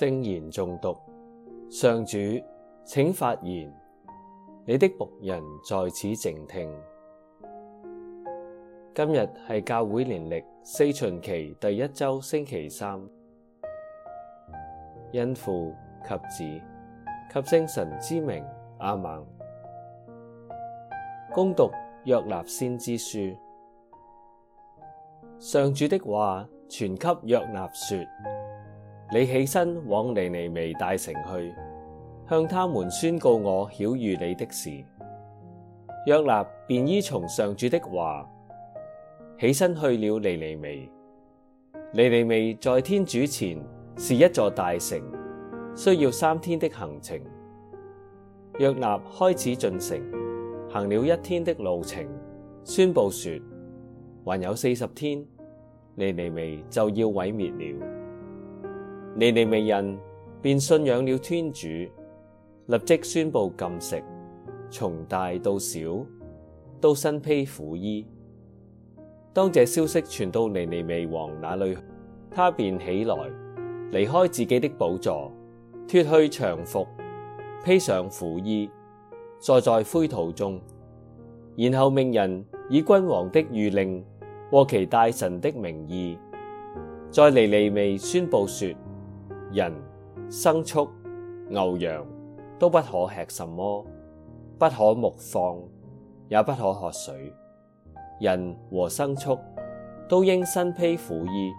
聖言誦讀，上主，請發言，你的僕人在此靜聽。今日係教會年曆四旬期第一周星期三，因父及子及聖神之名，亞孟。恭讀約納先知書，上主的話傳給約納說。你起身往尼尼微大城去，向他們宣告我曉諭你的事。約納便依從上主的話，起身去了尼尼微。尼尼微在天主前是一座大城，需要三天的行程。約納開始進城，行了一天的路程，宣佈說：還有四十天，尼尼微就要毀滅了。尼尼微人便信仰了天主，立即宣布禁食，從大到小都身披苦衣。當這消息傳到尼尼微王那裏，他便起來離開自己的寶座，脫去長服，披上苦衣，坐在灰土中，然後命人以君王的諭令和其大臣的名義，在尼尼微宣布說。人、牲畜、牛羊都不可吃什麼不可牧放，也不可喝水。人和牲畜都應身披苦衣。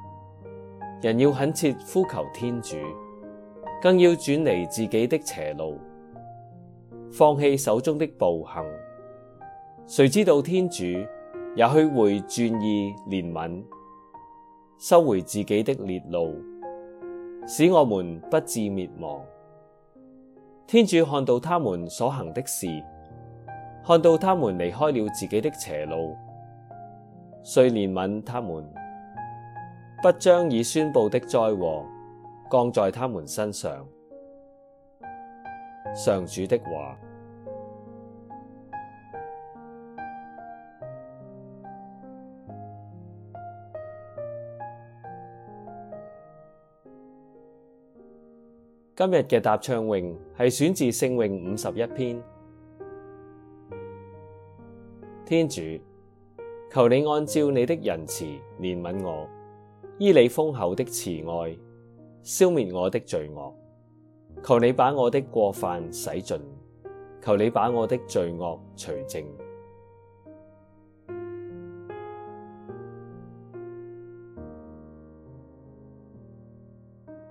人要懇切呼求天主，更要轉離自己的邪路，放棄手中的暴行。誰知道天主也許會轉意憐憫，收回自己的烈怒，使我們不致滅亡。天主看到他們所行的事，看到他們離開了自己的邪路，遂憐憫他們，不將已宣布的災禍降在他們身上。上主的話。今日嘅答唱詠係選自聖詠五十一篇。天主，求你按照你的仁慈憐憫我，依你豐厚的慈愛，消滅我的罪惡。求你把我的過犯洗盡，求你把我的罪惡除淨。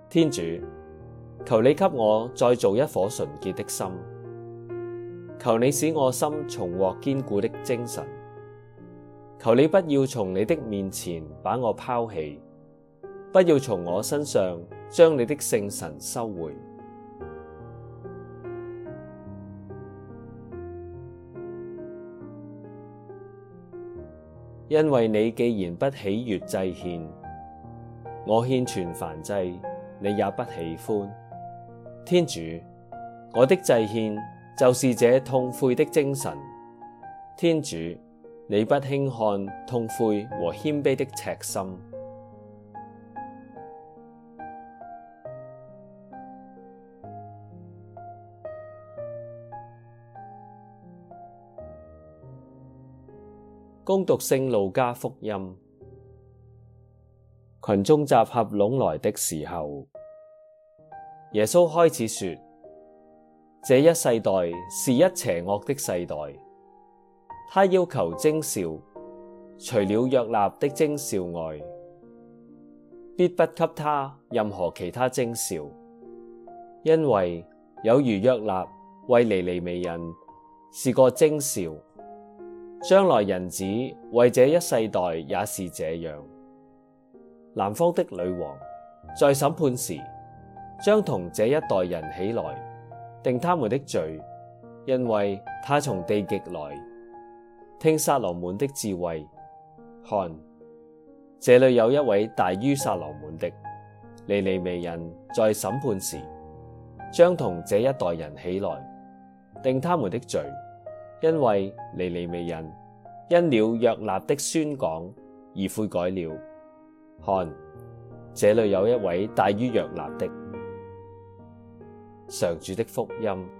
天主，求你給我再造一顆純潔的心，求你使我心重獲堅固的精神，求你不要從你的面前把我拋棄，不要從我身上將你的聖神收回，因為你既然不喜悅祭獻，我獻全燔祭，你也不喜歡。天主，我的祭獻就是這痛悔的精神。天主，你不輕看痛悔和謙卑的赤心。恭讀聖路加福音，群眾集合攏來的時候，耶穌開始說：這一世代是一邪惡的世代。他要求徵兆，除了約納的徵兆外，必不給他任何其他徵兆，因為有如約納為尼尼微人是個徵兆，將來人子為這一世代也是這樣。南方的女王在審判時。將同這一代人起來，定他們的罪，因為他從地極來，聽撒羅滿的智慧。看，這裏有一位大於撒羅滿的。尼尼微人在審判時，將同這一代人起來，定他們的罪，因為尼尼微人因了約納的宣講而悔改了。看，這裏有一位大於約納的。上主的福音。